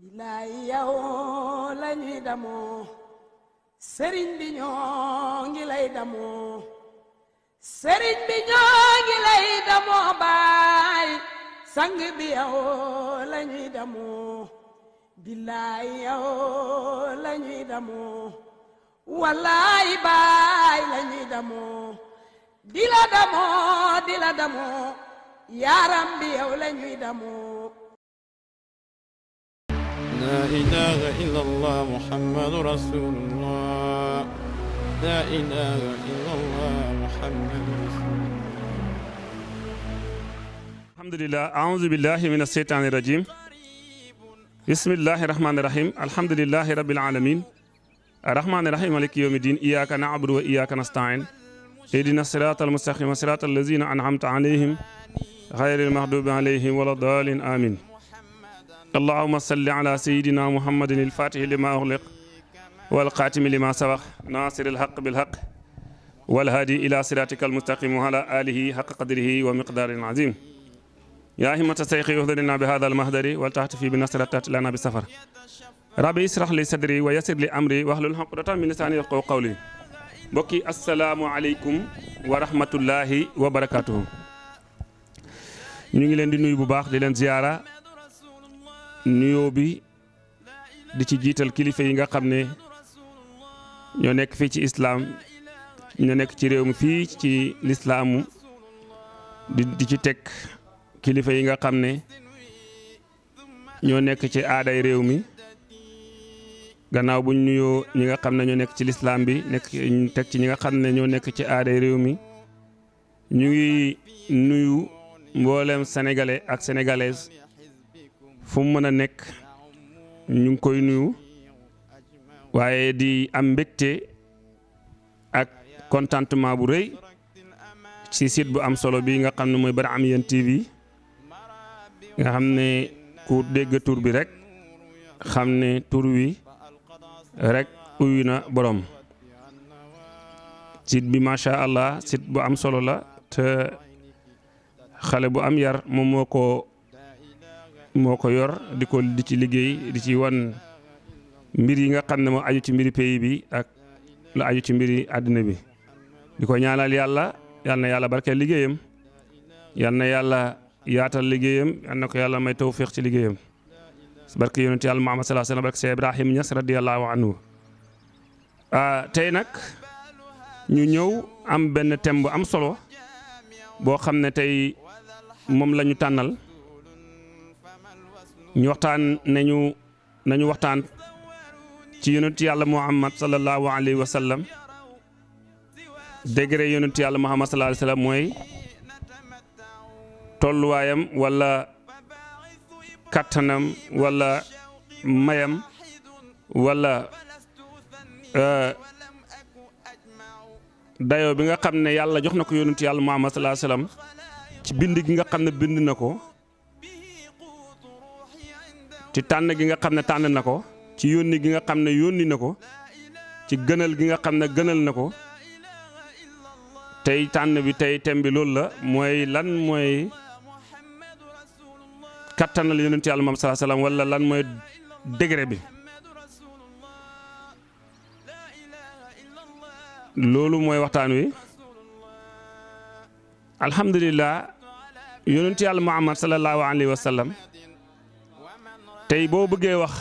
bilaay yow lañuy damoo sëriñ bi ñoo ngi lay damoo sëriñ bi ñoo ngi lay damoo baay sang bi yow lañuy damoo bilaay yow lañuy damoo wallaay baay lañuy damoo di damoo di damoo yaaram bi yow lañuy damoo لا إله إلا الله محمد رسول الله لا إله إلا الله محمد رسول الله الحمد لله أعوذ بالله من الشيطان الرجيم بسم الله الرحمن الرحيم الحمد لله رب العالمين الرحمن الرحيم مالك يوم الدين إياك نعبد وإياك نستعين اهدنا الصراط المستقيم صراط الذين أنعمت عليهم غير المغضوب عليهم ولا الضالين آمين اللهم صل على سيدنا محمد الفاتح لما أغلق والقاتم لما سبق ناصر الحق بالحق والهادي إلى صراطك المستقيم وعلى آله حق قدره ومقدار عظيم يا همة الشيخ يهدرنا بهذا المهدر والتحت في بنصر التحت لنا بالسفر ربي اسرح لي صدري ويسر لي أمري وأهل عقدة من لساني يفقهوا قولي بكي السلام عليكم ورحمة الله وبركاته ñu ngi leen di nuyu bu nuyoo bi di ci jiital kilifa yi nga xam ne ñoo nekk fii ci islaam ñoo nekk ci réew mi fii ci lislaamu di di ci teg kilifa yi nga xam ne ñoo nekk ci aaday réew mi gannaaw bu nuyoo ñi nga xam ne ñoo nekk ci lislaam bi nekk teg ci ñi nga xam ne ñoo nekk ci aaday réew mi ñu ngi nuyu mboolem sénégalais ak sénégalaise fu mu mën a nekk ñu ngi koy nuyu waaye di am mbégte ak contentement bu rëy ci site bu am solo bi nga xam ne mooy Barhamiennes TV nga xam ne ku dégg tur bi rek xam ne tuur wi rek uyu na borom bi macha allah site bu am solo la te xale bu am yar moom moo ko moo ko yor di ko di ci liggéey di ci wan mbir yi nga xam ne moo aju ci mbir pays bi ak lu aju ci mbiri àddina bi di ko ñaanal yàlla yal yàlla barkeel liggéeyam yal na yàlla yaatal liggéeyam yal na ko yàlla may tawfiq ci liggéeyam barke yonent yàlla Muhammad ah, nag ñu ñëw am benn thème bu am solo boo xam ne tey moom lañu tànnal ñu waxtaan nañu nañu waxtaan ci yonent yàlla muhammad sallallahu alayhi wa sallam degré yàlla muhammad sallallahu alayhi wa mooy tolluwaayam walla kattanam wala mayam wala euh, dayoo bi nga xam ne yàlla jox na ko yonent yàlla muhammad sallallahu alayhi wa ci bind gi nga xam ne bind na ko ci tànn gi nga xam ne tànn na ko ci yónni gi nga xam ne yónni na ko ci gënal gi nga xam ne gënal na ko tey tànn bi tey tem bi loolu la mooy lan mooy kattanal yonent yàlla moom salaa salaam wala lan mooy degré bi loolu mooy waxtaan wi alhamdulilah yonent yàlla muhammad salallaahu alayhi wa sallam tey boo bëggee wax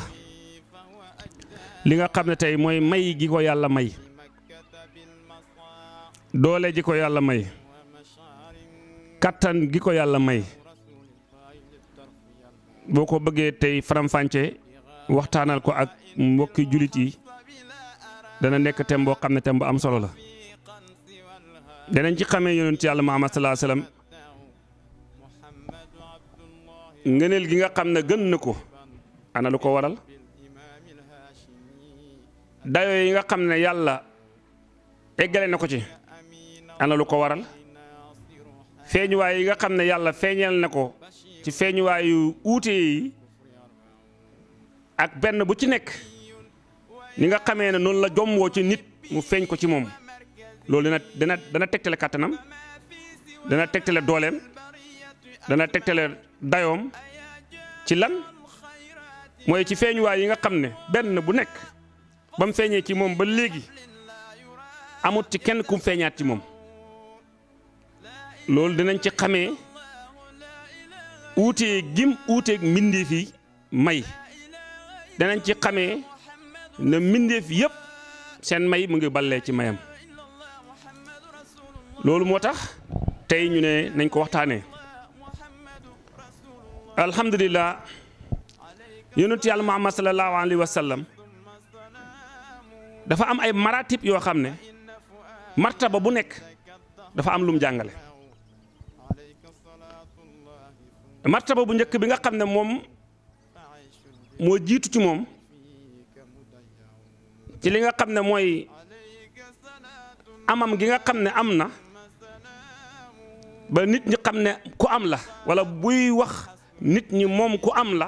li nga xam ne tey mooy may gi ko yàlla may doole ji ko yàlla may kattan gi ko yàlla may boo ko bëggee tey faram waxtaanal ko ak mbokki jullit yi dana nekk tem boo xam ne tem bu am solo la danañ ci xamee yonent yàlla Muhammad sallallahu alayhi wasallam ngëneel gi nga xam ne gën na ko ana lu ko waral dayoo yi nga xam ne yàlla eggale na ko ci ana lu ko waral feeñuwaay yi nga xam ne yàlla feeñal na ko ci feeñuwaayu uute ak benn bu ci nekk ni nga xamee ne noonu la jomboo ci nit mu feeñ ko ci moom loolu dana dana dana tegtale kàttanam dana tegtale dooleem dana tegtale dayoom ci lan mooy ci waa yi nga xam ne benn bu nekk ba mu feeñee ci moom ba léegi amut ci kenn kum feeñaat ci moom loolu dinañ ci xamee uutee gim uuteeg mbindeef yi may danañ ci xamee na mbindeef yépp seen may mu ngi ballee ci mayam loolu moo tax tey ñu ne nañ ko waxtaanee alhamdulilah yonent yàlla Muhammad sallallahu alayhi am ay maratib yoo xam ne martaba bu nekk dafa am lum jàngale martaba bu njëkk bi nga xam ne moom moo jiitu ci moom ci li nga xam ne mooy amam gi nga xam ne am na ba nit ñi xam ne ku am la walla buy wax nit ñi moom ku am la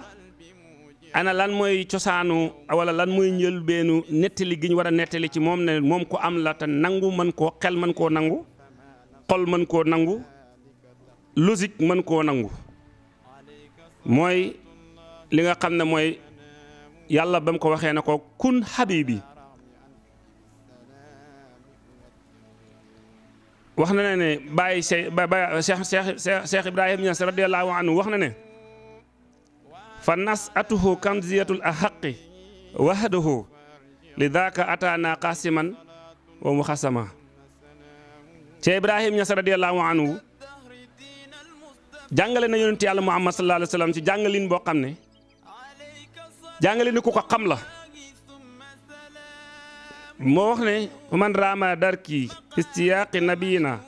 ana lan mooy cosaanu wala lan mooy njëlbeenu nettali giñ ñu war a nettali ci moom ne moom ko am la te nangu mën koo xel man koo nangu xol mën koo nangu logique mën koo nangu mooy li nga xam ne mooy yàlla ba mu ko waxee na ko kun habibi wax na ne ne bàyyi Cheikh Cheikh Cheikh Ibrahim Niass radiyallahu anhu wax na ne fannas atuhu kamziyatul ahaqi wahduhu, lidhaka atana qasiman wa mukhasama ci ibrahim ñas radiyallahu anhu jangale na yonenti yàlla muhammad sallallahu alaihi wasallam ci jangalin bo xamne ne ni ku ko xam la mo wax ne man rama darki istiyaq nabina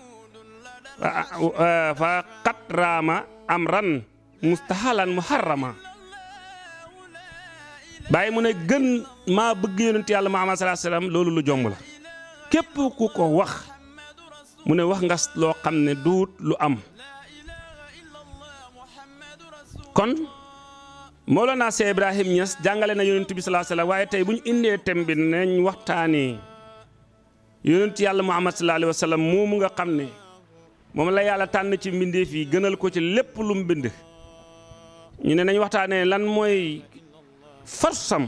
fa qad rama amran mustahalan muharrama bàyyi mu ne gën maa bëgg yonent yàlla Muhammad sallallahu alayhi wasallam loolu lu jomb la képp ku ko wax mu ne wax nga loo xam ne duut lu am kon Mawlana Cheikh Ibrahim Niass jàngale na yonent bi sallallahu waaye tey bu ñu indee thème bi nañ waxtaanee yonent yàlla Muhammad sallallahu alayhi wasallam moomu nga xam ne moom la yàlla tànn ci mbindeef yi gënal ko ci lépp lu mu bind ñu ne nañ waxtaanee lan mooy farsam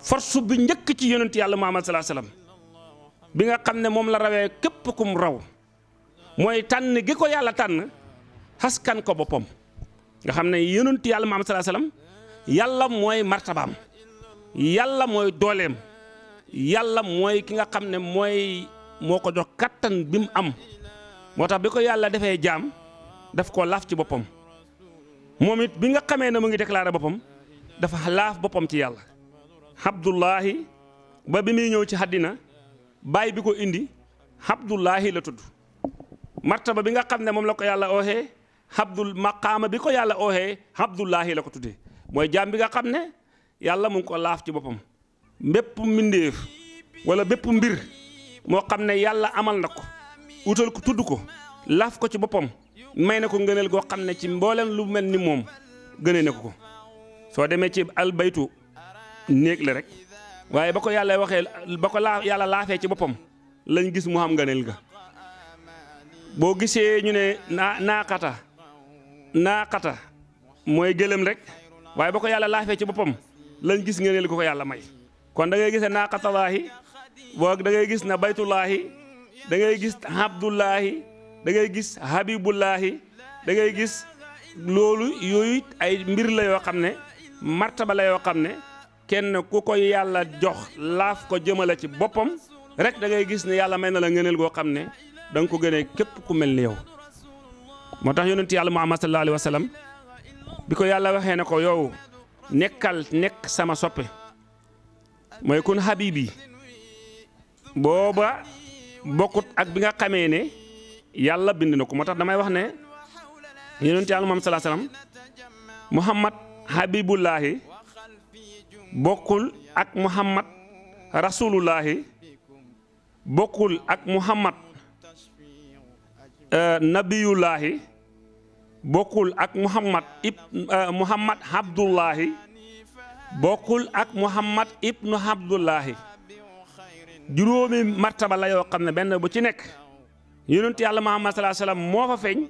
farsu bi njëkk ci yonent yàlla Muhammad salaa salaam bi nga xam ne moom la rawee képp kum raw mooy tànn gi ko yàlla tànn xaskan ko boppam nga xam ne yonent yàlla Muhammad salaa salaam yàlla mooy martabaam yàlla mooy dooleem yàlla mooy ki nga xam ne mooy moo ko jox kattan bi mu am moo tax bi ko yàlla defee jaam daf ko laaf ci boppam moom it bi nga xamee ne mu ngi déclaré boppam dafa laaf boppam ci yàlla Abdullahi ba bi muy ñëw ci àddina baay bi ko indi Abdullahi la tudd martaba bi nga xam ne moom la ko yàlla ooxee Abdul maqaama bi ko yàlla ooxee Abdullahi la ko tuddee mooy jaam bi nga xam ne yàlla mu ko laaf ci boppam bépp mbindéef wala bépp mbir moo xam ne yàlla amal na ko utal ko tudd ko laaf ko ci boppam may ne ko ngëneel goo xam ne ci mboolem lu mel ni moom gënee na ko ko soo demee ci al baytu néeg la rek waaye ba ko yàlla waxee ba ko yàlla laafee ci boppam lañ gis mu xam ngëneel ga boo gisee ñu ne naa naakata naaqata mooy gëlëm rek waaye ba ko yàlla laafee ci boppam lañ gis ngëneel gu ko yàlla may kon dangay ngay gis ne naaqatallaahi boo gis na baytullaahi da ngay gis habdullaahi dangay gis habibullaahi da ngay gis loolu yooyu ay mbir la yoo xam ne martaba la yoo xam ne kenn ku ko yàlla jox laaf ko jëmale ci boppam rek da ngay gis ne yàlla may na la ngëneel goo xam ne danga ko gënee képp ku mel ni yow. moo tax yonent yàlla Muhammad sallallahu alayhi wa sallam bi ko yàlla waxee ne ko yow nekkal nekk sama soppe mooy kun habibi booba bokkut ak bi nga xamee ne yàlla bind na ko moo tax damay wax ne yonent yàlla Muhammad sallallahu Muhammad habibullaahi bokkul ak muhammad rasulullaahi bokkul ak muhammad euh, nabiyullaahi bokkul ak muhammad ib euh, muhammad habdullaahi bokkul ak muhammad ibnu habdullaahi juróomi martaba la yoo xam ne benn bu ci nekk yonent yàlla muhammad salaa salaam moo fa feeñ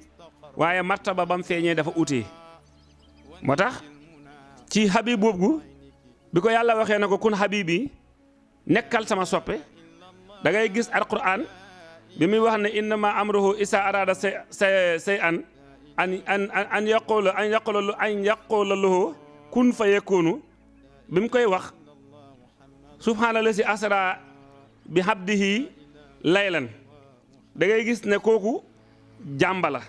waaye martaba ba feeñee dafa utee moo tax ci xabib boobu bi ko yàlla waxee na ko kun xabib yi nekkal sama soppe da gis alquran bi muy wax ne innama amruhu isa arada say say say an an an an yaqula kun fa yakunu bi mu koy wax subhaana si asra bi habdihi laylan da gis ne kooku jàmba la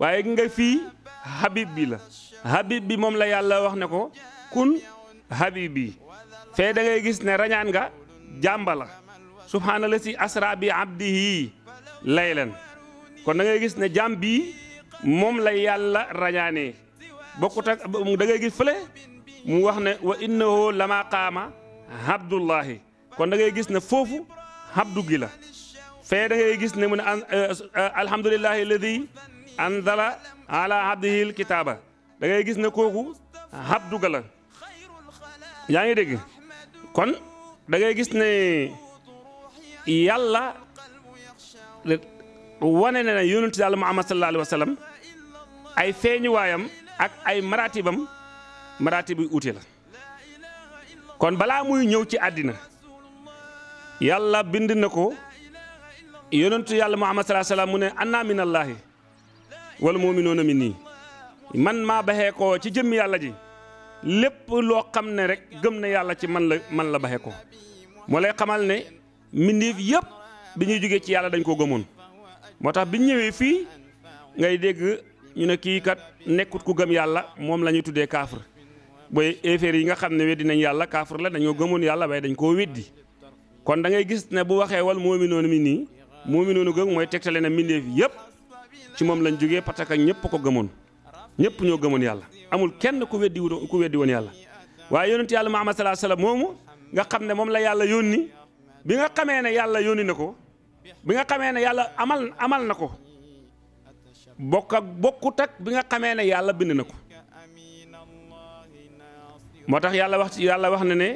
waaye nga fii habib bi la habib bi moom la yàlla wax ne ko kun habib bi fee gis ne rañaan nga jàmba la subhaana la si asra laylan kon da gis ne jàmm bii moom la yàlla rañaanee bokkut ak da mu wax ne wa innahu lama qaama abdullahi kon da gis ne foofu habdu gi la fee ne mu ne alhamdulillahi alladi anzala ala abdihi alkitaaba da gis ne kooku habduga la yaa ngi dégg kon da gis ne yàlla wane na ne yonent yàlla Muhammad sallallahu alayhi wa sallam ay feeñuwaayam ak ay maratibam maratib yu uute la kon balaa muy ñëw ci àddina yàlla bind na ko yonentu yàlla mu sallallahu alayhi wa sallam mu ne anna minallaahi wal man maa baxee ko ci jëmm yàlla ji lépp loo xam ne rek gëm na yàlla ci man la man la baxe ko moo lay xamal ne mbindeef yëpp bi ñuy jógee ci yàlla dañ ko gëmoon moo tax bi ñu ñëwee fii ngay dégg ñu ne kii kat nekkut ku gëm yàlla moom la ñuy tuddee kaafir booy éeféer yi nga xam ne weddi nañ yàlla kaafir la dañoo gëmoon yàlla waaye dañ koo weddi kon dangay gis ne bu waxee wal mu'minuuna mi nii noonu googu mooy tegtale na mbindeef yëpp ci moom lañ jógee parce que ñëpp ko gëmoon ñëpp ñoo gëmoon yàlla amul kenn ku weddi wu woon yàlla waaye yonent yàlla Muhammad sallallahu alayhi wasallam moomu nga xam ne moom la yàlla yónni bi nga xamee ne yàlla yónni na ko bi nga xamee ne yàlla amal amal na ko bokk ak bokkut bi nga xamee ne yàlla bind na ko moo tax yàlla wax ci yàlla wax na ne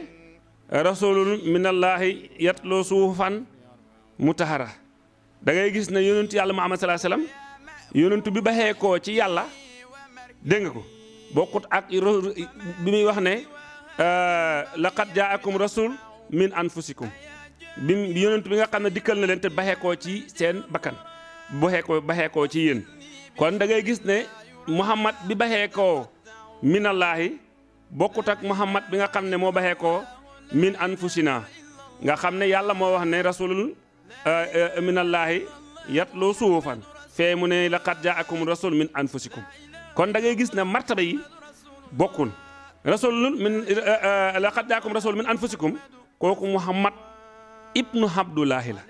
rasulun minallaahi yatloo suufan mutahara da dangay gis ne yonentu yàlla mu sallallahu alayhi wasallam bi baxee koo ci yàlla dégg nga ko bokkut ak bi muy wax ne jaa euh, laqad jaakum rasul min anfusikum bi yonent bi nga xam ne dikkal na leen te baxeekoo ci seen bakkan baxeekoo baxeekoo ci yéen kon da ngay gis ne muhammad bi baxeekoo minallaahi bokkut ak muhammad bi nga xam ne moo baxeekoo min anfusina nga xam ne yàlla moo wax ne rasulul euh, euh, minallaahi yatlu suufan fee mu ne jaa laqad jaakum rasul min anfusikum kon da ngay gis ne martaba yi bokkul rasulun min eh, eh, laqad jaakum rasul min anfusikum kooku muhammad ibnu habdulaahi la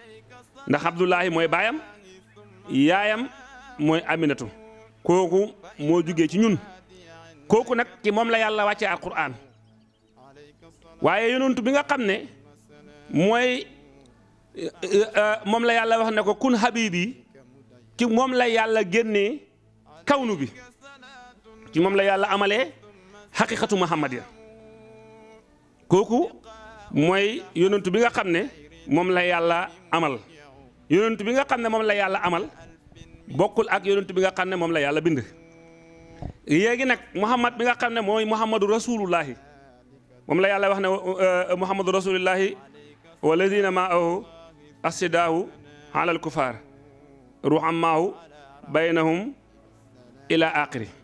ndax habdulaahi mooy baayam yaayam mooy aminatu kooku moo jugee ci ñun kooku nag ci moom la yàlla wàccee alquran waaye yonent bi nga xam ne mooy eh, moom la yàlla wax ne ko kun yi ci moom la yàlla génne kawnu bi ci mom la yàlla amalé haqiqatu muhammadiyya koku moy yonentu bi nga xamné mom la yàlla amal yonentu bi nga xamné mom la yàlla amal bokul ak yonentu bi nga xamné mom la yàlla bind yegi nak muhammad bi nga xamné moy muhammadu rasulullah mom la yàlla waxné ne muhammadu rasulullahi waladina maahu asidahu ala al kufar ruhamahu bainahum ila aaxiri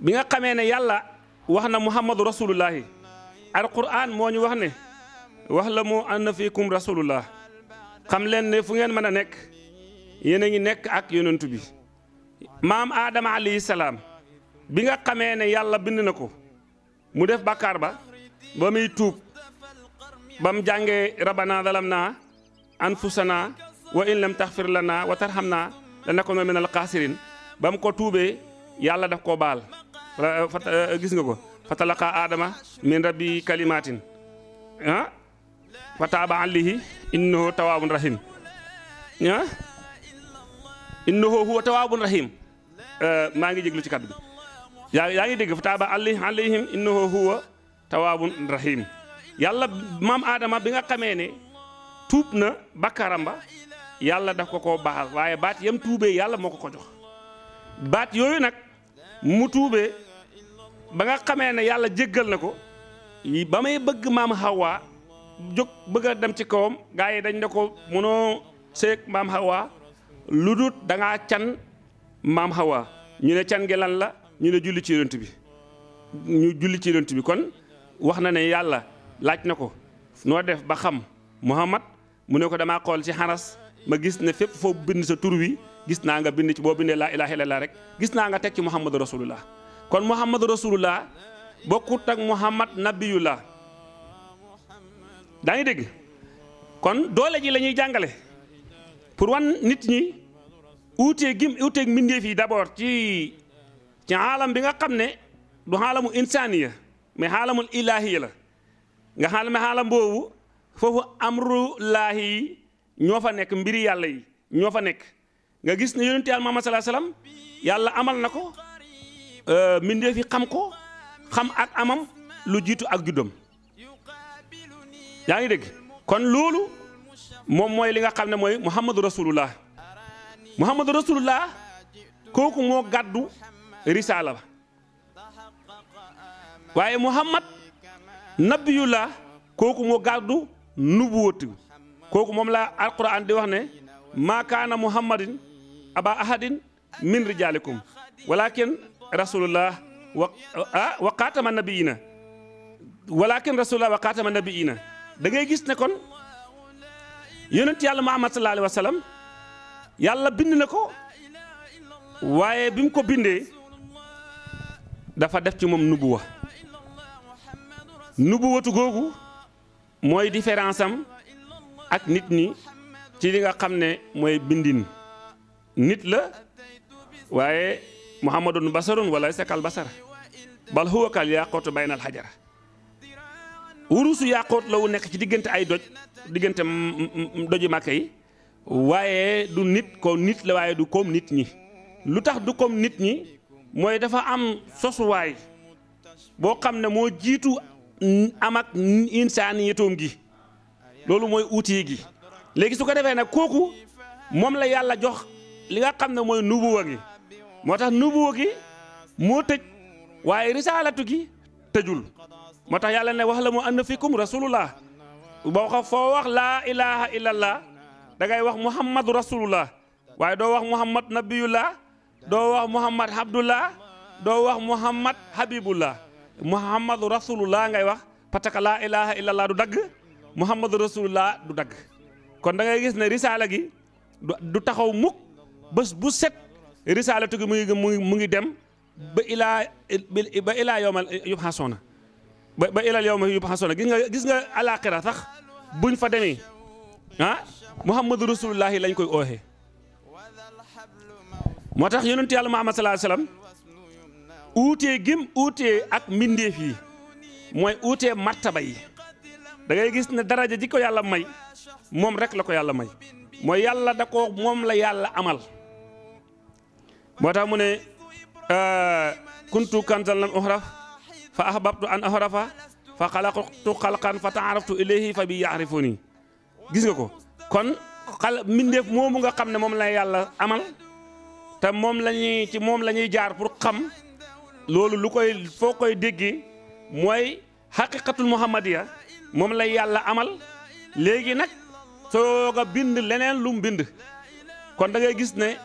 bi nga xamee ne yàlla wax na muhammadu rasulullahi alquran moo ñu wax ne wax la mu anna fiikum rasulullah xam leen ne fu ngeen mën a nekk yéen a ngi nekk ak yonentu bi maam aadama alayhi salaam bi nga xamee ne yàlla bind na ko mu def bàkkaar ba ba muy tuub ba mu jàngee rabbana zalamna anfusana wa in lam taxfir lana wa tarhamna lanakunanna minal xaasirin ba mu ko tuubee yàlla def koo baal Eh, eh, gis nga ko fa talaqa aadama min rabbi kalimatin ah fa taaba alayhi innahu tawaabun rahim ah eh, maa ngi jéglu ci kàddu bi yaa yaa ngi dégg fa taaba alayhi alayhim innahu huwa tawaabun rahim yàlla maam aadama bi nga xamee ne tuub na bakkaaram ba yàlla daf ko koo baaxal waaye baat yam tuubee yàlla moo ko jox baat yooyu nag mu tuubee ba nga xamee ne yàlla jéggal na ko ba may bëgg maam Hawa jóg bëgg a dem ci kawam gaa yi dañ ne ko mënoo seeg maam Hawa lu dut da can maam Hawa ñu ne can gi lan la ñu ne julli ci yonent bi ñu julli ci yonent bi kon wax na ne yàlla laaj na ko noo def ba xam Muhammad mu ne ko damaa xool ci xaras ma gis ne fépp foo bind sa tur wi gis naa nga bind ci boo bindee laa ilaaha illallaah rek gis naa nga teg ci Muhammadu Rasulullah kon muhammad rasulullah bokkut ak muhammad nabiyullah daa ngi dégg kon doole ji la ñuy jàngale pour wan nit ñi uutee gim uuteeg mbindeef yi ci ci xaalam bi nga xam ne du xaalamu insaaniya mais xaalamul ilaahiya la nga xaalam ne xaalam boobu foofu amrulaahi yi ñoo fa nekk mbiri yàlla yi ñoo fa nekk nga gis ne yonente yàlla Muhammad sallallahu alayhi yàlla amal na ko Euh, mbindeef yi xam ko xam ak amam lu jiitu ak juddam yaa ngi dégg kon loolu moom mooy li nga xam ne mooy muhammadu rasulullah muhammadu rasulullah kooku moo gàddu risaala ba waaye muhammad nabiyullah kooku moo gàddu nubuwatu kooku moom la alquran di wax ne maa kaana muhammadin aba ahadin min rijaalikum walakin rasulullah wa ah wa xaatama nabiina walakin rasulullah wa xaatama nabiina da ngay gis ne kon yonent yàlla muhammad sallallahu alayhi wa yàlla bind na ko waaye bi ko bindee dafa def ci moom nubuwa nubuwatu googu mooy différence ak nit ñi ci li nga xam ne mooy bindin nit la waaye muhammadun basarun wala laysa kal basara bal huwa kal yaqootu bayna al xajara wurusu yaqoot la wu nekk ci diggante ay doj diggante doji màkk yi waaye du nit ko nit la waaye du koom nit ñi lu tax du koom nit ñi mooy dafa am sosuwaay boo xam ne moo jiitu am ak insaaniyatoom gi loolu mooy outil gi léegi su ko defee nag kooku moom la yàlla jox li nga xam ne mooy nubuwa gi motax nubuwa gi mo tej waye risalatu gi tejul motax yalla ne wax la mu an fikum rasulullah bo fo wax la ilaha illallah da ngay wax rasulullah waye do wax muhammad nabiyullah do wax muhammad abdullah do wax muhammad habibullah muhammad rasulullah ngay wax pataka la ilaha illallah du dag rasulullah du dag kon dagay gis ne risala gi du taxaw muk bes bu set risaalatu gi mu ngi mu ngi dem ba ilaa ba ilaa yowmal yubxasuna ba ba ilaa yowmal yubxasuna gis nga gis nga alaaxira sax buñ fa demee ah muhammadu rasulullahi lañ koy ooxee moo tax yonent yàlla muhammad salaa salaam uutee gim uutee ak mbindeef yi mooy uutee martaba yi da ngay gis ne daraja ji ko yàlla may moom rek la ko yàlla may mooy yàlla da ko moom la yàlla amal moo tax mu ne euh, kuntu kanzan lam uhraf fa ahbabtu an uhrafa fa xalaqtu xalqan fa taaraftu ilayhi fa bi yaarifuni gis nga ko kon xal mbindeef moomu nga xam ne moom la yàlla amal te moom la ci moom la ñuy jaar pour xam loolu lu koy foo koy déggee mooy xaqiqatul muhammadiya moom lay yàlla amal léegi nag soog a bind leneen lu mu bind kon da gis ne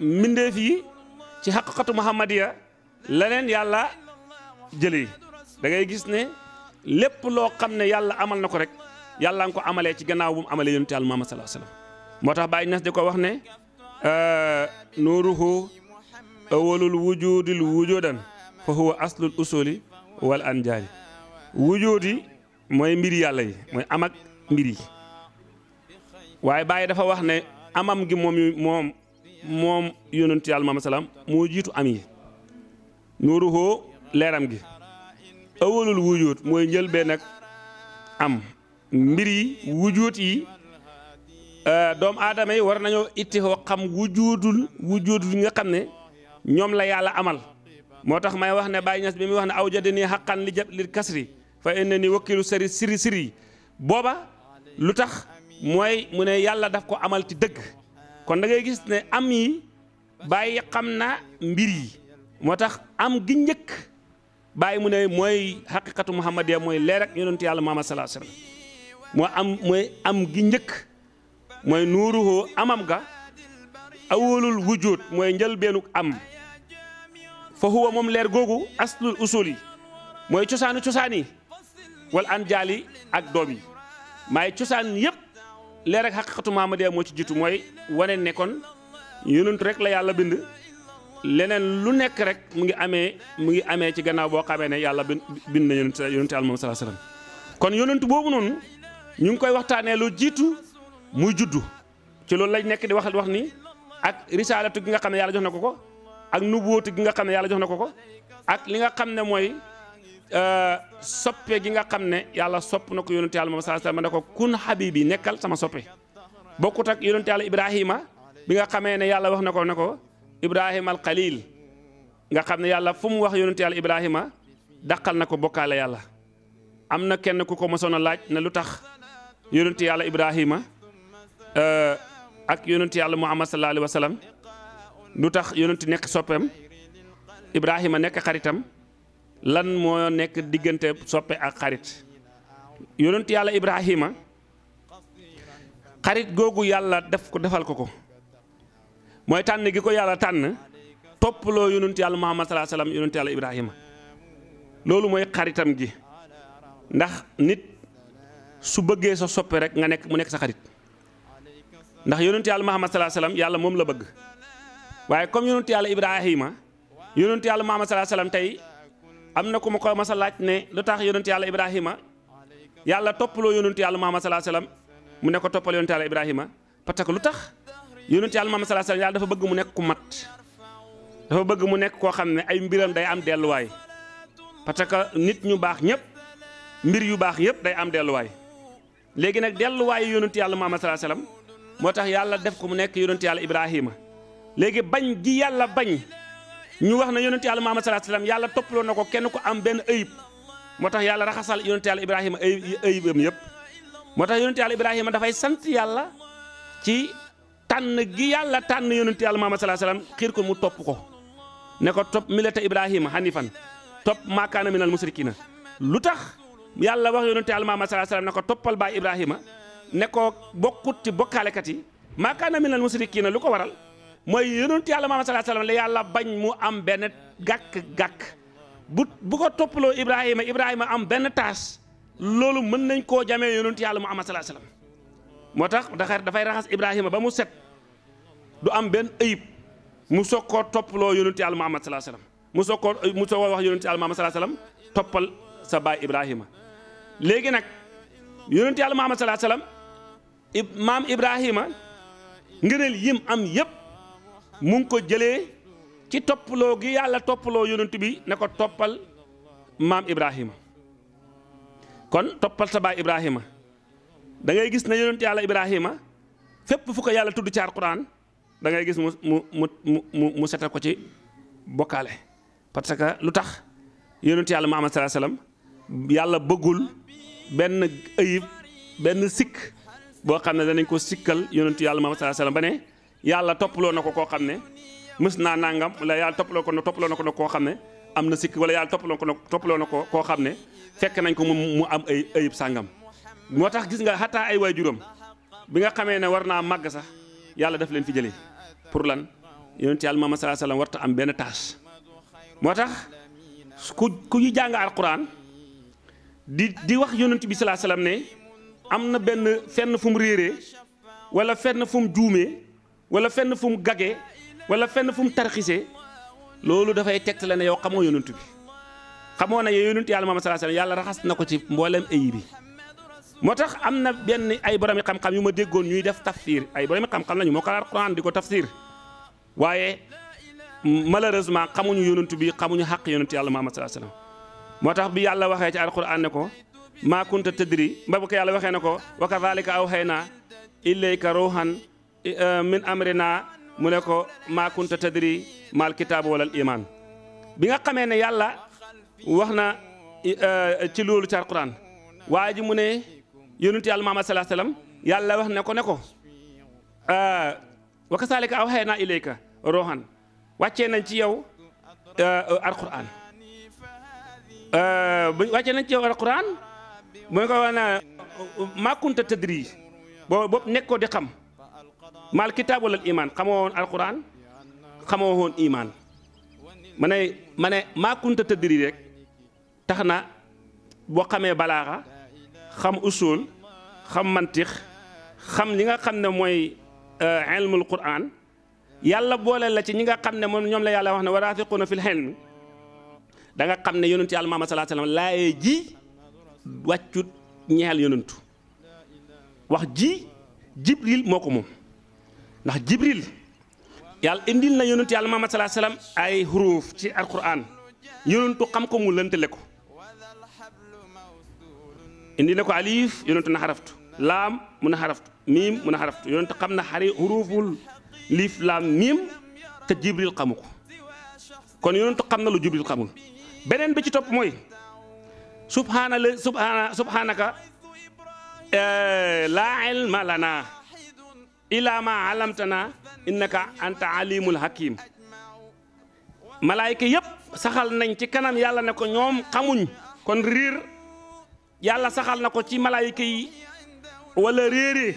mbindeef yi ci xaqiqatu muhammadiya la leen yàlla jëlee da gis ne lépp loo xam ne yàlla amal na ko rek yàlla nga ko amalee ci gannaaw bu mu amalee yonent yàlla Muhammad moo tax bàyyi Ñas di ko wax ne euh, nuuruhu awalul wujudil wujudan fa huwa aslul usuli wal anjaari wujudi mooy mbir yàlla yi mooy am ak waaye Baay dafa wax ne amam gi moom moom mom yonentu yalla Salam salam mo jitu am yi nuuruhu leram gi awalul wujud mooy be nak am Miri wujud yi euh dom adamay war nañoo ittixoo xam wujudul wujudul nga xamne ñom la yalla amal motax may wax ne Baye ñas bi mi wax ne awjadni haqqan li jab lil kasri fa inna wakilu wakkilu sari siri siri boba lu tax mune Yalla daf ko amal ci deug kon dangay gis ne am yi bàyyi xam na mbir yi moo tax am gi njëkk bàyyi mu ne mooy xaqiqatu muhammadiya mooy leer ak yonent yàlla Muhammad salaa sallam moo am mooy am gi njëkk mooy nuuruhu amam ga awalul wujud mooy njëlbeenuk am fa huwa moom leer googu aslul usul yi mooy cosaanu cosaan yi wala an jaali ak doom yi maay cosaan yëpp leer ak xaqiqatu Muhammadiya moo ci jiitu mooy wane ne kon yonent rek la yàlla bind leneen lu nekk rek mu ngi amee mu ngi amee ci gannaaw boo xamee ne yàlla bind na yonent yonent al moom salaa salaam kon yonent boobu noonu ñu ngi koy waxtaanee lu jiitu muy juddu ci loolu lañ nekk di wax wax ni ak risaalatu gi nga xam ne yàlla jox na ko ko ak nubuwootu gi nga xam ne yàlla jox na ko ko ak li nga xam ne mooy Euh, soppe gi nga xam ne yàlla sopp na ko yonente yàlla moom saa sallam ne ko kun habibi nekkal sama soppe bokkut ak yonente yàlla Ibrahima bi nga xamee ne yàlla wax na ko ne ko Ibrahima al nga xam ne yàlla fu mu wax yonente yàlla Ibrahima daqal na ko bokkaale yàlla. am na kenn ku ko mosoon a laaj na lu tax yonente yàlla Ibrahima euh, ak yonente yàlla Muhammad sallallahu alayhi wa lu tax yonente nekk soppeem Ibrahima nekk xaritam. lan moo nekk diggante soppe ak xarit yonent yàlla ibrahima xarit googu yàlla def ko defal ko ko mooy tànn gi ko yàlla tànn topploo yonent yàlla muhammad salaa salaam yonent yàlla ibrahima loolu mooy xaritam gi ndax nit su bëggee sa soppe rek nga nekk mu nekk sa xarit ndax yonent yàlla muhammad salaa salaam yàlla moom la bëgg waaye comme yonent yàlla ibrahima yonent yàlla muhammad salaa salaam tey am na ku ma ko mas a laaj ne lu tax yonent yàlla Ibrahima yàlla toppaloo yonent yàlla Muhammad salaa salaam mu ne ko toppal yonent yàlla Ibrahima parce que lu tax yonent yàlla Muhammad salaa salaam yàlla dafa bëgg mu nekk ku mat dafa bëgg mu nekk koo xam ne ay mbiram day am delluwaay parce que nit ñu baax ñëpp mbir yu baax yëpp day am delluwaay léegi nag delluwaayu yonent yàlla Muhammad salaa salaam moo tax yàlla def ko mu nekk yonent yàlla Ibrahima léegi bañ gi yàlla bañ. ñu wax na yonent yàlla Muhammad sallallahu alayhi yàlla toppaloon na ko kenn ko am benn ayib moo tax yàlla raxasal yonent yàlla Ibrahima ay ayibam yëpp moo tax yonent yàlla Ibrahima dafay sant yàlla ci tànn gi yàlla tànn yonent yàlla Muhammad sallallahu xiir ko mu topp ko ne ko topp milata Ibrahima hanifan topp maa kaana minal musrikina lu tax yàlla wax yonent yàlla Muhammad ne ko toppal baay Ibrahima ne ko bokkut ci bokkaalekat yi maa kaana minal musrikina lu ko waral. mooy yonent yàlla Muhammad sallallahu alayhi wasallam la yàlla bañ mu am benn gàkk-gàkk bu bu ko toppaloo Ibrahima Ibrahima am benn taas loolu mën nañ koo jamee yonent yàlla mu sallallahu alayhi moo tax daxar dafay raxas Ibrahima ba mu set du am benn ayib mu soog koo toppaloo yonent yàlla Muhammad sallallahu alayhi mu soog koo mu soog koo wax yonent yàlla Muhammad sallallahu alayhi wasallam toppal sa baay Ibrahima léegi nag yonent yàlla Muhammad sallallahu alayhi wasallam maam Ibrahima ngëneel yim am yépp mu jele, ko jele ci toppaloo gi yàlla toppaloo yonent bi ne ko toppal mam Ibrahima kon topal sa baay Ibrahima da ngay gis ne yonent yalla Ibrahima fepp fu ko yalla tuddu ci alquran da ngay gis mu mu mu mu setal ko ci bokale parce que lutax yonent yalla Muhammad sallallahu alaihi wasallam yalla bëggul ben ayib Ben Sik, bo xamne ne ko sikkal yonent yalla Muhammad sallallahu alaihi wasallam bané yàlla toppaloo na ko koo xam ne mës naa nangam wala yàlla toppaloo ko toppaloo na ko koo xam ne am na sikk wala yàlla toppaloo ko toppaloo na ko koo xam ne fekk nañ ko mu mu am ay ayib sàngam moo tax gis nga xataa ay waajuram bi nga xamee ne war naa màgg sax yàlla def leen fi jëlee pour lan yonent yàlla Muhammad sallallahu alayhi am benn tâche moo tax ku ku ñu jàng alquran di di wax yonent bi sallallahu alayhi wasallam ne am na benn fenn fu mu réeree wala fenn fu mu juumee wala fenn fu mu gagee wala fenn fu mu tarxisee loolu dafay tegtale ne yow xamoo yonent bi xamoo ne yow yonent yàlla moom sallallahu alayhi wasallam yàlla raxas na ko ci mboolem ayi bi moo tax am na benn ay boromi xam-xam yu ma déggoon ñuy def tafsir ay boromi xam-xam lañu moo ko laal Quran di ko tafsir waaye malheureusement xamuñu yonent bi xamuñu xàq yonent yàlla Muhammad sallallahu alayhi wasallam moo tax bi yàlla waxee ci alquran ne ko maa kunta tëddri mba bu ko yàlla waxee ne ko wa kadhalika awhaynaa ilayka ruuhan Euh, min amrina mu ne ko maa kunta tadri maal kitaabu wala bi nga xamee ne yàlla wax na euh, ci loolu ci alquran waa mu ne yonent yàlla Muhammad yàlla wax ne ko ne ko euh, wa kasaalika awhaynaa ilayka ruuhan wàccee nañ ci yow alquran wàccee nañ ci yow alquran mu ne ko wax na maa kunta tadri boo bopp xam maal kitaab wala imaan xamoo woon alquran xamoo woon imaan mane ne ma ne maa rek tax na boo xamee balaaxa xam usul xam mantix xam li nga xam ne mooy euh, ilmul quran yàlla boole la ci ñi nga xam ne moom ñoom la yàlla wax ne waraafiquuna fil ilmi da nga xam ne yonent yàlla Muhammad sallallahu alayhi wasallam laaye ji wàccut wax ji jibril moo ko moom ndax jibril yàlla indil na yonent yàlla salaam ay xuruuf ci alquran yonentu xam ko mu lëntale ko indi na ko alif yonentu na xaraftu laam mu na xaraftu miim mu na xaraftu yonentu xam na xari xuruuful liif laam miim te jibril xamu kon yonentu xam na lu jibril xamul beneen bi ci topp mooy subhaana subhaanaka eh, laa ilma lanaa ilaa ma alamtana innaka anta alimul hakim malaayka yépp saxal nañ ci kanam yàlla na ko ñoom xamuñ kon riir yàlla saxal na ko ci malaayka yi wala réeree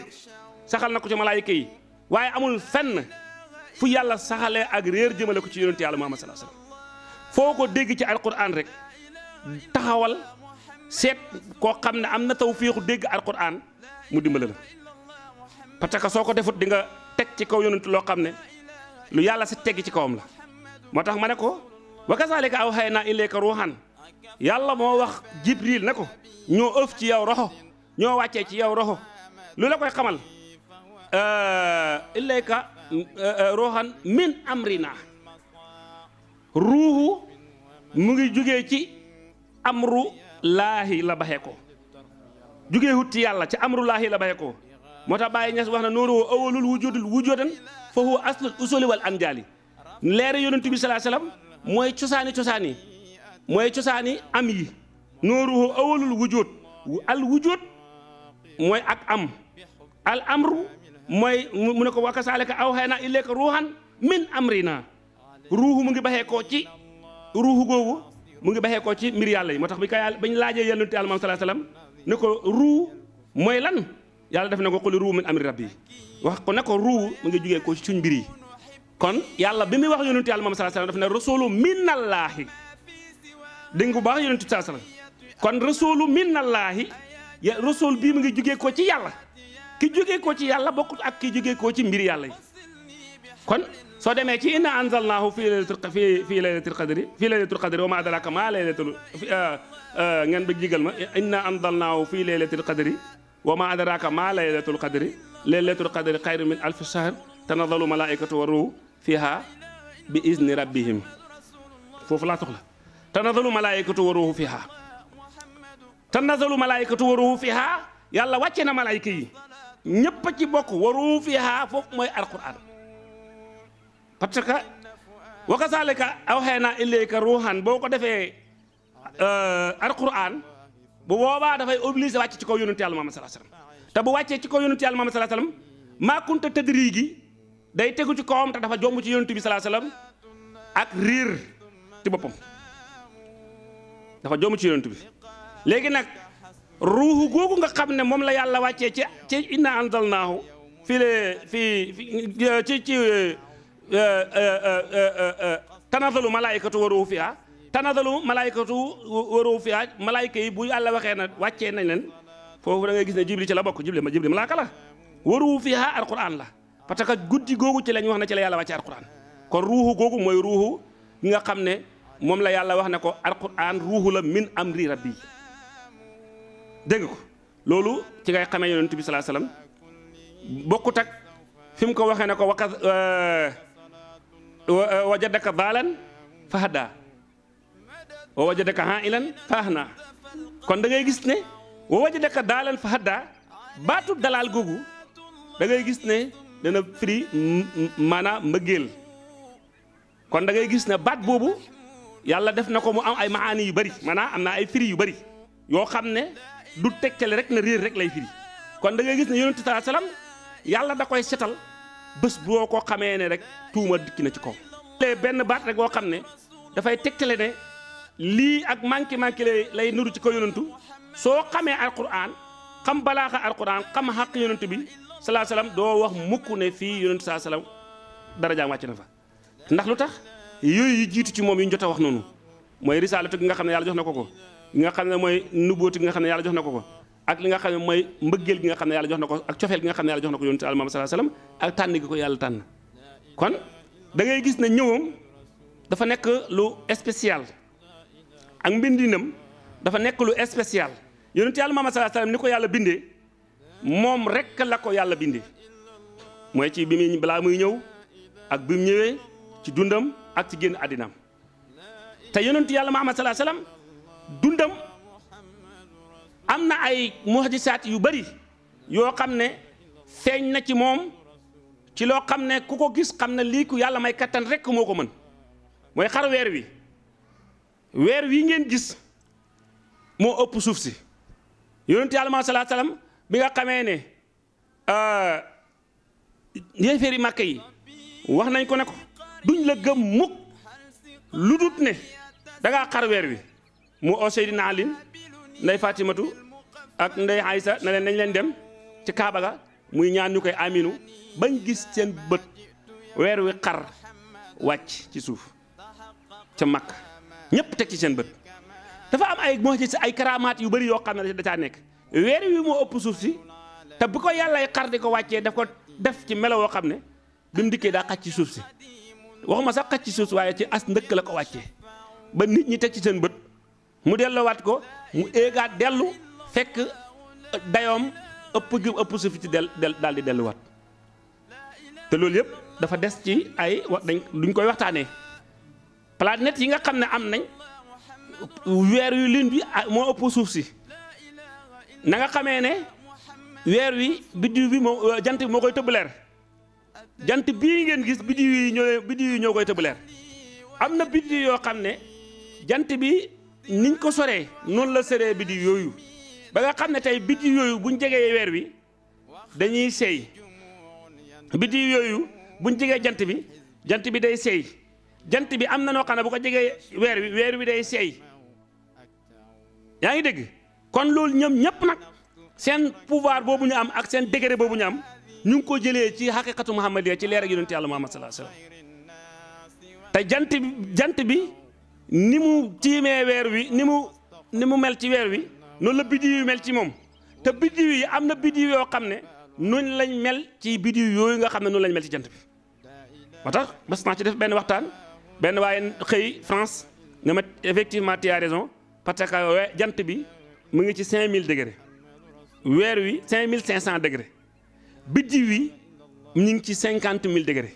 saxal na ko ci malaayka yi waaye amul fenn fu yàlla saxalee ak réer jëmale ko ci yonente yàlla Muhammad sallallahu alayhi foo ko dégg ci alquran rek taxawal seet koo xam ne am na tawfiixu dégg alquran mu dimbale la parce que soo ko defut dinga teg ci kaw yonent loo xam ne lu yàlla si teg ci kawam la moo tax ma ne ko wa kazalika aw xay naa ilayka ruuxan yàlla moo wax jibril ne ko ñoo ëf ci yow roxo ñoo wàccee ci yow roxo lu la koy xamal ilayka eh, ruuxan min amrina ruuxu mu ngi jugee ci amru laahi la baxee ko jugee hut ci yàlla ci amru laahi la baxee ko moo tax Baye Niass wax na nooru woo awalul wujudul wujudan fa huwa aslul usuli wal amjaali leeri yonent bi salaa salaam mooy cosaani cosaani mooy cosaani am yi nooru woo awalul wujud al wujud mooy ak am al amru mooy mu ne ko aw wa kasaalika awhaynaa ilayka ruuhan min amrinaa ruuhu mu ngi baxee koo ci ruuhu googu mu ngi baxee koo ci mbir yàlla yi moo tax bi ko yàlla bañ laajee yonent bi almaam salaa salaam ne ko ruu mooy lan yàlla def na ko xuli ruu min amri rabbi wax ko ne ko ruu mu ngi jugee ko suñ mbir yi kon yàlla bi muy wax yonentu yàlla moom saa sallam daf ne rasulu minallaahi dégg bu baax yonentu saa sallam kon rasulu minallaahi ya rasul bii mu ngi jugee ko ci yàlla ki jugee ko ci yàlla bokkut ak ki jugee ko ci mbir yàlla yi kon soo demee ci inna anzalnaahu fii laylatul fii fii laylatul qadri fii laylatul qadri wa ma adraka ma laylatul uh, uh, jigal ma inna anzalnaahu fii laylatul qadri وما أدراك ما ليلة القدر ليلة القدر خير من ألف شهر تنظل ملائكة وروح فيها بإذن ربهم فوف لا تخلى تنظل ملائكة وروح فيها تنظل ملائكة وروح فيها يلا واتينا ملائكة نبكي ci وروح فيها fiha foofu mooy alquran parce que wa kasalika awxeena ilayka ruuxan boo bu boobaa dafay obligé wàcc ci kaw yonent yàlla Muhammad sallallahu te bu wàccee ci kaw yonent yàlla Muhammad sallallahu alayhi wasallam maa kunta gi day tegu ci kawam te dafa jomb ci yonent bi sallallahu alayhi wasallam boppam dafa jomb ci yonent bi léegi nag ruuxu googu nga xam ne moom la yàlla wàccee ci ci inna anzalnaahu fii le fii ci ci euh, euh, euh, tanazzalu malaayikatu wa ruuhu fiihaa tanadalu malaykatu waru fi aj malayka yi bu yàlla waxee na wàccee nañ leen foofu da nga gis ne jibli ci la bokk jibli ma jibli malaaka la waru fi ha alquran la parce que guddi googu ci la ñu wax ne ci la yàlla wàcce alquran kon ruuxu googu mooy ruuxu gi nga xam ne moom la yàlla wax ne ko alquran ruuxu la min amri rabbi dégg ko loolu ci ngay xamee yonent bi salaa salaam bokkut ak fi mu ko waxee ne ko waka wajadaka baalan fahada wa wajadaka haa'ilan fa ahnaa kon dangay gis ne wa wajadaka daalan fa haddaa baatu dalaal googu da ngay gis ne dana firi maanaam mbëggeel kon da ngay gis ne baat boobu yàlla def na ko mu am ay maani yu bari maanaam am na ay firi yu bari yoo xam ne du tegtale rek na réer rek lay firi kon da ngay gis ne yonent saa salaam yàlla da koy setal bés boo ko xamee ne rek tuuma dikki na ci kaw. benn baat rek boo xam ne dafay tegtale ne. lii ak manqué manqué lay lay nuru ci ko yonantu soo xamee alquran xam balaaxa alquran xam xaq yonantu bi salaa salaam doo wax mukk ne fii yonantu salaa salaam darajaam wàcc na fa ndax lu tax yooyu yi jiitu ci moom yi ñu jot a wax noonu mooy risaalatu gi nga xam ne yàlla jox na ko ko li nga xam ne mooy nubooti gi nga xam ne yàlla jox na ko ko ak li nga xam ne mooy mbëggeel gi nga xam ne yàlla jox na ko ak cofeel gi nga xam ne yàlla jox na ko yonantu almaam salaa ko yàlla tànn gis ne ñëwam nekk lu spécial ak mbindinam dafa nekk lu spécial yonent yàlla Muhammad sallallahu alayhi ni ko yàlla bindee moom rekk la ko yàlla bindee mooy ci bi muy balaa muy ñëw ak bi ñëwee ci dundam ak ci génn àddinaam te yonent yàlla Muhammad sallallahu alayhi dundam am na ay muhadisaat yu bari yoo xam ne feeñ na ci moom ci loo xam ne ku ko gis xam ne lii ku yàlla may kattan rekk moo ko mën mooy xar wi weer wi ngeen gis moo ëpp suuf si yonent yàlla ma salaa bi nga xamee ne euh, yéeféeri màkk yi wax nañ ko ne ko duñ la gëm mukk lu dut ne dangaa xar weer wi mu oo Seydina Alin nday Fatimatu ak nday Aysa na leen nañ leen dem ci Kaaba ga muy ñaan ñu koy aminu bañ gis seen bët weer wi xar wàcc ci suuf ca màkk ñëpp teg ci seen bët dafa am ay moo ci ay karaamaat yu bëri yoo xam ne da caa nekk weer wi moo ëpp suuf si te bu ko yàllay xar di ko wàccee daf ko def ci melo woo xam ne bi mu dikkee daa xaj ci suuf si waxuma sax xaj ci suuf si waaye ci as ndëkk la ko wàccee ba nit ñi teg ci seen bët mu delloowaat ko mu éegaat dellu fekk dayoom ëpp gi ëpp suuf si del del daal di delluwaat te loolu yëpp dafa des ci ay wa dañ duñ koy waxtaanee. planète yi nga xam ne am nañ weer yu lune bi ah, moo ëpp suuf si na nga xamee ne weer wi biddiw bi moo euh, jant bi moo koy tëbb jant bii ngeen gis biddiw yi ñoo biddiw koy tëbb am na biddiw yoo xam ne jant bi niñ ko soree noonu la soree biddiw yooyu ba nga xam ne tey biddiw yooyu buñ jegee weer wi dañuy seey biddiw yooyu buñ jegee jant bi jant bi day sey jant bi am na noo xam ne bu ko jegee weer wi weer wi day seey yaa ngi dégg kon loolu ñoom ñëpp nag seen pouvoir boobu ñu am ak seen degré boobu ñu am ñu ngi ko jëlee ci xaqiqatu muhammadiya ci leer ak yonent yàlla muhammad salaa salaam te jant bi jant bi ni mu tiimee weer wi ni mu ni mu mel ci weer wi noonu la biddiw mel ci moom te biddiw am na biddiw yoo xam ne noonu lañ mel ci biddiw yooyu nga xam ne noonu lañ mel ci jant bi moo tax bas naa ci def benn waxtaan benn waaye xëy France nga ma effectivement tu as raison parce que jant bi mu ngi ci 5000 degré weer wi 5500 degré biddiw wi ñu ngi ci 50000 degré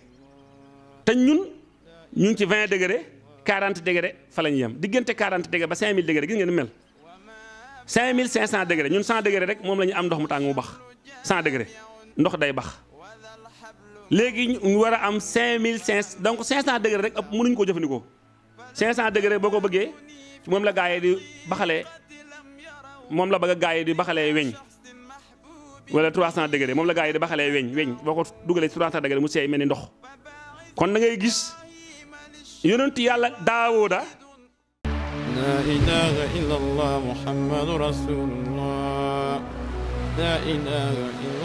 te ñun ñu ngi ci 20 degré 40 degré fa la ñuy yem diggante 40 degré ba 5000 degré gis ngeen mel 5500 degré ñun 100 degré rek moom lañu am ndox mu tàng mu bax 100 degré ndox day bax. léegi ñu war a am 5500 donc 500 degré rek ëpp mënuñ ko jëfandikoo 500 degré boo ko bëggee moom la gaa yi di baxalee moom la bëgg gaa yi di baxalee weñ wala 300 degré moom la gaa yi baxalee weñ weñ boo ko dugalee 300 degré mu seey mel ni ndox kon da ngay gis yonent yàlla daawooda la ilaha illallah muhammadu rasulullah la